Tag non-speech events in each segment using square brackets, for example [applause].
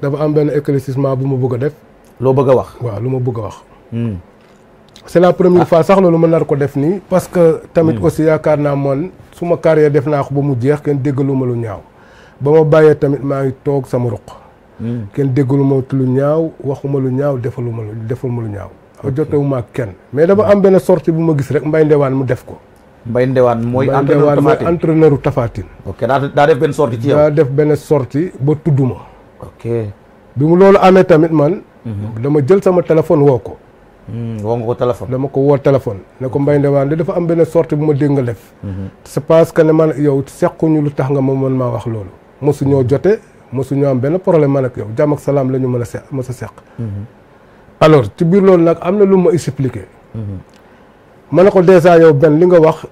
dafa am benn éclaircissement bu ma bëgg a def. loo bëgg a wax. waaw lu ma bëgg a wax. Hmm. c'est la première ah. fois sax loolu ma nar ko def nii. parce que tamit hmm. aussi yaakaar naa moon suma carrière def naa ko ba mu jeex kenn déggalu ma lu ñaaw ba ma bàyyee tamit maa ngi toog sama ruq. Hmm. kenn déggalu ma lu ñaaw waxuma lu ñaaw defalu ma lu defalu ma lu ñaaw. jotewu ma ak kenn mais dafa am benn sortie bu ma gis rek mbay Ndewane mu def ko. Mbaye Ndewane mooy. entraîneur Tapha Tine Mbaye Ndewane mooy entraîneur Tapha Tine. daa def benn sortie ci yow. daa def benn sortie ba tudd ma. ok bi mu loolu amee tamit man. Mhm. dama jël sama téléphone woo ko. Hmm, woo nga ko téléphone. dama ko woo téléphone ne ko Mbaye Ndewane dafa am benn sorti bu ma dégg nga def. Mhm. c'est parce que ne man yow sequñu lu tax nga ma mën maa wax loolu. mosu ñoo jote mosu ñoo am benn problème man ak yow jàmm ak salaam la ñu mën a se mos a seq. Mhm. alors ci biir loolu nag am na lu ma expliqué. ma ne ko déjà yow benn li nga wax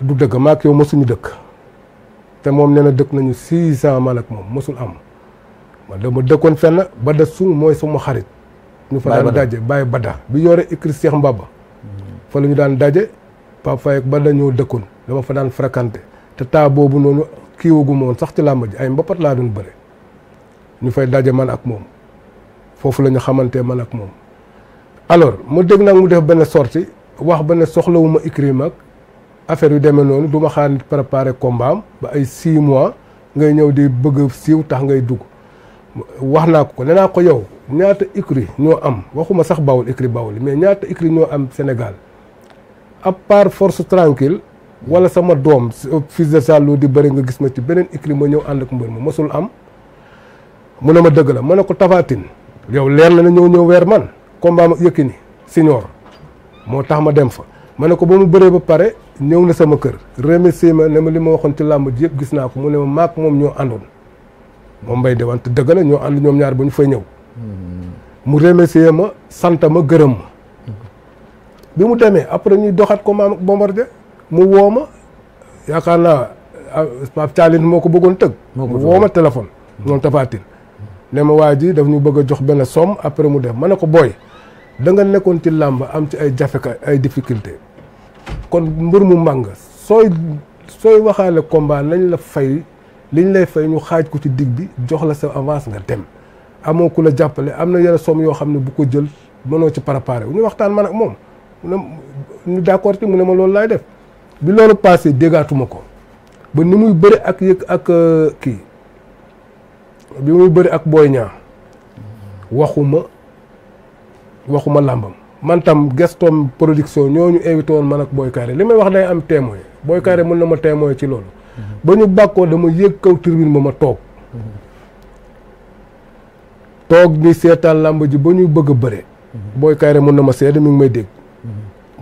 du dëgg ma ak ma suñu dëkk. te moom ne na dëkk nañu six ans man moom mosul am. man dama dëkkoon fenn Bada Sung mooy sama xarit. ñu fa daan daje Baye Bada bi yore écris Cheikh Mbaba. fa la ñu daan daje Pape Faye ak Bada ñoo dëkkoon dama fa daan fréquenté te taa boobu noonu kiiwaguma woon sax ci làmb ji ay mbapat laa doon bëre. ñu fay daje man ak moom foofu la ñu xamante man ak moom alors mu dégg nag mu def benn sortie wax ba ne soxlawuma écrit mag affaire yu demee noonu du ma xaar nit préparé combat ba ay six mois ngay ñëw di bëgg siiw tax ngay dugg. wax naa ko nee naa ko yow ñaata écurie ñoo am waxuma sax bawul écurie bawul mais ñaata écurie ñoo am Sénégal à part force tranquille wala sama doom fils de Sallou di bëri nga gis ma ci beneen écurie ma ñëw ànd ak mbër ma mosul am mu ne ma dëgg la ma ne ko tafaatin yow leer na ne ñëw ñëw weer man combat ma Yékini senior moo tax ma dem fa ma ne ko ba mu bëree ba pare ñëw na sama kër remercier ma ne ma li ma waxoon ci làmb ji gis naa ko mu ne ma moom ñoo àndoon moom mbay Diawane te dëgg la ñoo ànd ñoom ñaar bu ñu fay ñëw. mu remercier ma sant ma gërëm ma. bi mu demee après ñuy doxat ko maam Bombardier mu woo ma yaakaar naa ah, Pape Thialine moo ko bëggoon tëgg. mu woo ma téléphone. moom Tafatine. ne ma waa ji daf ñu bëgg a jox benn somme après mu def ma ne ko booy da nga nekkoon ci làmb am ci ay jafe ay difficulté kon mbër mu màng sooy sooy waxaale combat lañ la fay. liñ lay fay ñu xaaj ko ci digg bi jox la sa avance nga dem amoo ku la jàppale am na yenn somme yoo xam ne bu ko jël mënoo ci préparé wu ñu waxtaan man ak moom mu ne ñu d'accord ci mu ne ma loolu laay def bi loolu passé déggaatuma ko ba ni muy bëri ak yëg ak euh, kii bi muy bëri ak booy ñaa waxuma waxuma làmbam man tam Gaston production ñooñu invité woon man ak Boy Kaare li may wax day am témoin Boy Kaare mën na ma témoin ci loolu ba ñu bàkkoo dama yéeg kaw tribune ba ma toog toog ni seetaan làmb ji ba ñu bëgg a bëre booy kayre mën na ma seede mi ngi may dégg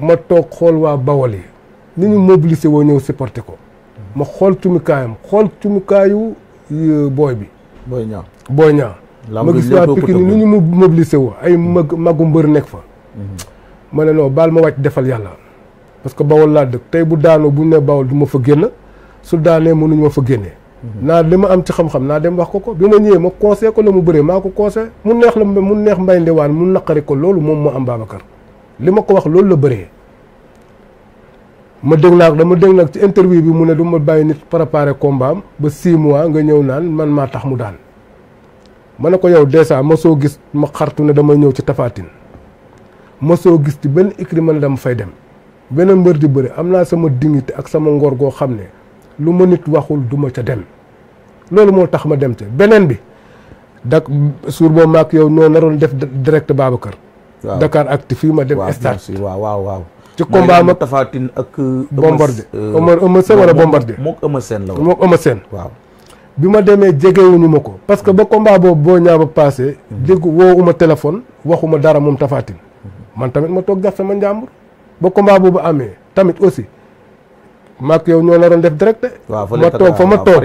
ma toog xool waa bawal yi ni ñu mobilisé woo ñëw supporté ko ma xool cumikaayam xool cumikaayu euh, booy bi booy ñaa booy ñaa ma gis waa Pikine ni ñu mobilisé woo ay mm-hmm. mag magu mbër nekk fa mm-hmm. ma ne non baal ma wàcc defal yàlla parce que bawal laa dëkk tey bu daanoo bu ñu ne bawal du ma fa génn su daanee mënuñ ma fa génne. naa li ma am ci xam-xam naa dem wax ko ko bi ma ñëwee ma conseil ko la mu bëree maa ko conseil mu neex la mu neex mbay ndewaan mu naqari ko loolu moom moo am Babacar li ma ko wax loolu la bëree. ma dégg naag dama dégg nag ci interview bi mu ne du ma bàyyi nit préparer combat am ba 6 mois nga ñëw naan man maa tax mu daan ma ne ko yow dèjà ma soo gis ma xartu ne dama ñëw ci tafaatin ma soo gis ci benn écrit man dama fay dem beneen mbër di bëri am naa sama dignité ak sama ngor goo xam ne. luma nit waxul duma ca dem lolou mo tax ma dem te benen bi dak sour bo mak yow noo naroon def direct babakar Dakar acte fi ma dem. stade waaw waaw waaw. ci combat ma tafatine ak. bombardé Omar Omar sen wala bombardé. mok Omar sen la mok Omar sen waaw bima demé demee wuñu mako parce que ba combat bo bo ñaa ba passé. dégg woowuma téléphone waxuma dara mom tafatine man tamit ma tok def sama njàmbur ba combat boobu amé tamit aussi. maak yow ñoo naroon def direct de ma toog fa ma toog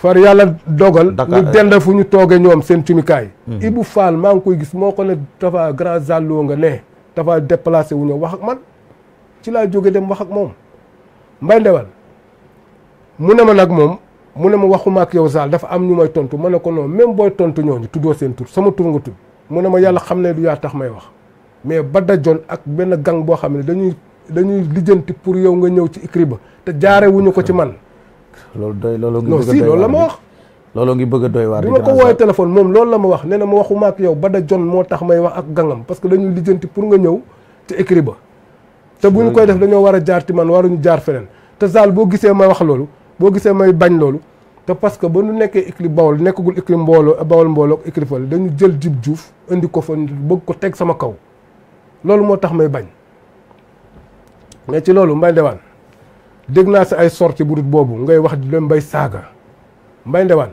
far yàlla dogal ñu eh. dend fu ñu toogee ñoom seen cumikaay hmm. Ibou Fall maa ngi koy gis moo ko ne dafa grand zàlloo nga ne dafa déplacé wu ñëw wax ak man ci laa jóge dem wax ak moom mbay ndewal mu ne ma nag moom mu ne ma waxuma ak yow saal dafa am ñu may tontu ma ne ko non même booy tontu ñooñu tuddoo seen tur sama tur nga tudd mu ne ma yàlla xam ne du yaa tax may wax mais ba dajoon ak benn gang boo xam ne dañuy dañuy lijjanti pour yow nga ñëw ci écrit ba te jaare ko ci man loolu doy loolu ngi non la ma wax loolu ngi bëgg a doy waar bi ma ko woowee téléphone moom loolu la ma wax nee na ma waxuma ak ba da jon moo tax may wax ak gangam parce que dañuy lijjanti pour nga ñëw ci écrit ba te bu ñu koy def dañoo war a jaar ci man waruñu jaar feneen te saal boo gisee ma wax loolu boo gisee may bañ loolu te parce que ba nu nekkee écrit bawol nekkagul écrit mbooloo bawol mbooloo écrit fal dañu jël jib juuf indi ko fa bëgg ko teg sama kaw loolu moo tax may bañ mais ci loolu mbay Ndewane dégg naa si ay sorti bu dut boobu ngay wax di leen bay saaga Mbaye Ndewane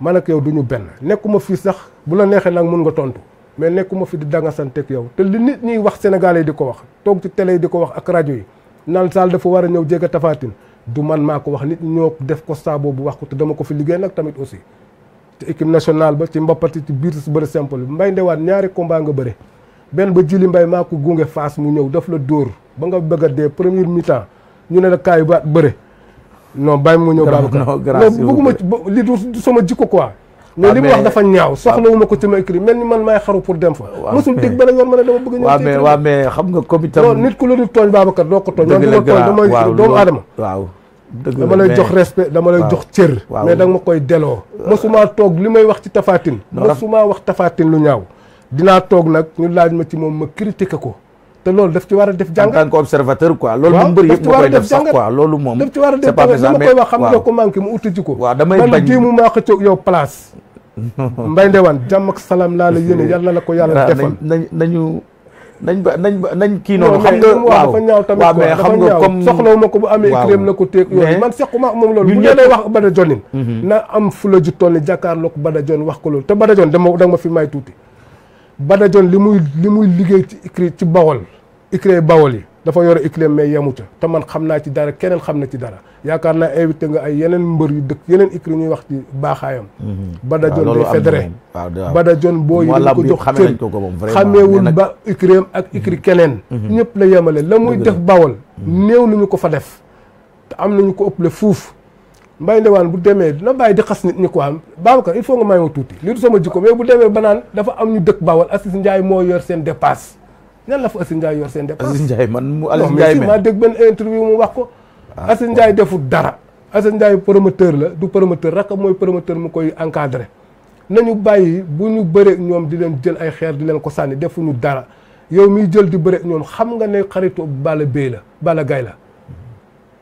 man ak yow du ñu benn nekkuma fii sax bu la neexee nag mun nga tontu mais nekkuma fi di dangasanteeg yow te li nit ñiy wax Sénégalais yi di ko wax toog ci tele yi di ko wax ak rajo yi naan Sall dafa war a ñëw jéggi Tapha Tine du man maa ko wax nit ñoo def ko saa bu wax ko te dama ko fi liggéey nag tamit aussi. te équipe nationale ba ci mbappati ci biir bëri simple Mbaye ñaari combat nga benn ba jili mbay maa ko gunge faas mu ñëw daf la dóor ba nga bëgg a dee première mi-temps ñu ne la kaayu baat bëre non bàyyi mu ñëw Babacar mais bugguma li du sama jikko quoi ah, mais li mu wax dafa ñaaw soxlawuma ko ci ma écrit mel ni man maay xaru pour dem fa mosul dégg benn yoon ma ne dama bëgg ñëw waaw mais waaw mais xam nga comme nit ku la dul tooñ Babacar doo ko tooñ man du ma tooñ damay doomu aadama jox respect dama lay jox cër mais da nga ma koy deloo euh, mosumaa toog li may wax ci tafaatin mosumaa wax tafaatin lu ñaaw dinaa toog nag ñu laaj ma ci moom ma critiquer ko te loolu daf ci war a def jàngat en tant qu'observateur quoi loolu yëpp moo koy def sax quoi loolu moom daf ci war a def jàngat ma ko manqué mu uti ji ko waaw damay bañ man kii mu maa xëccoog yow place [laughs] mbay ndewan la yéene yàlla la ko yàlla defal nañ nañu nañ ba nañ kii noonu xam nga waaw dafa ñaaw tamit waaw mais xam nga comme soxlawu ma ko bu amee crème ko téeg yooyu man moom loolu bu ñu lay wax Bada Dione mhm. na am fula ju toll ni jàkkaarloog Bada Dione wax ko loolu te Bada Dione dama da ma fi may tuuti Bada Dione limuy muy li ci ikri ci Bawol écurie Bawol yi dafa yor écurie mais yamuta te man xamna ci dara keneen xamna ci dara yaakaar na invité nga ay yenen mbeur yu dëkk yenen écurie ñuy wax ci baaxaayam Bada Dione day fédéré Bada ko jox xamé dañ ko jox cër xameewul ba écurie ak ikri keneen ñëpp la yamalé la muy def Bawol néew nañu ko fa def am nañu ko ëpple fouf Mbaye Ndewane bu demee dina bàyyi di xas nit ñi quoi Babacar il faut nga may ma tuuti lii du sama jikko mais bu demee banaan naan dafa am ñu dëkk Bawol Assis Ndiaye moo yor seen dépasse nan la fa Assis Ndiaye yor seen dépasse. Assis Ndiaye man mu Assis Ndiaye mais maa dégg benn interview mu wax ko. Assis ah, Ndiaye deful dara. Assis Ndiaye promoteur la du promoteur rek mooy promoteur mu koy na ñu bàyyi bu ñu bëree ñoom di leen jël ay xeer di leen ko sànni defuñu dara yow miy jël di bëree ñoom nga ne xaritu Balla Beye la Balla Gaye la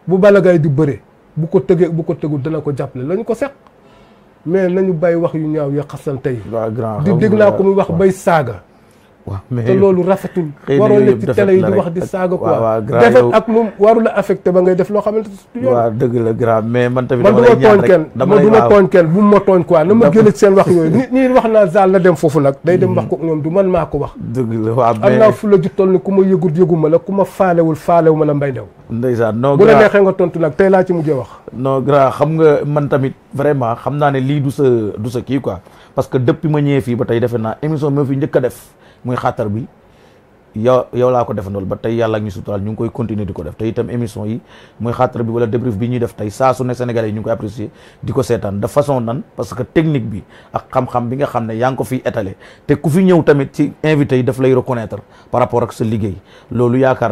bu Balla Gaye di bëree bu ko tëgee bu ko tëgul dana ko jàppale lañu ko seq mais nañu bàyyi wax yu ñaaw ya xasante yi di dégg naa ko muy wax bay saaga waaw mais loolu rafetul. waroo nekk ci télé yi di wax di saaga quoi. waaw defet ak moom waru la affecté ba ngay def loo xamante ne. waaw dëgg la grave mais man tamit. dama lay ñaan rek dama lay waaw man du ma tooñ kenn seen wax wax naa zaal na dem foofu nag. day dem hmm. wax ko ñoom du man maa ko wax. dëgg la waaw mais am naa fu la ju toll ku ma yëgul yëgu ma la ku ma faalewul faalewu ma la mbay daw. ndeysaan non bu nga tontu nag tey laa ci mujjee wax. non grand xam nga man tamit vraiment xam naa ne lii du sa du sa kii quoi parce que depuis ma ñëwee fii ba tey defe naa émission ma fi njëkk a def muy xaatar bi yow yow laa ko defandool ba tey yàlla ñu suturaal ñu ngi koy continuer di ko def te itam émission yi muy xaatar bi wala débrief bi ñuy def tey saa su ne Sénégalais yi koy apprécier di ko seetaan de façon nan parce que technique bi ak xam-xam bi nga xam ne yaa ngi ko fiy étaler te ku fi ñëw tamit ci invité yi daf lay reconnaitre par rapport ak sa liggéey loolu yaakaar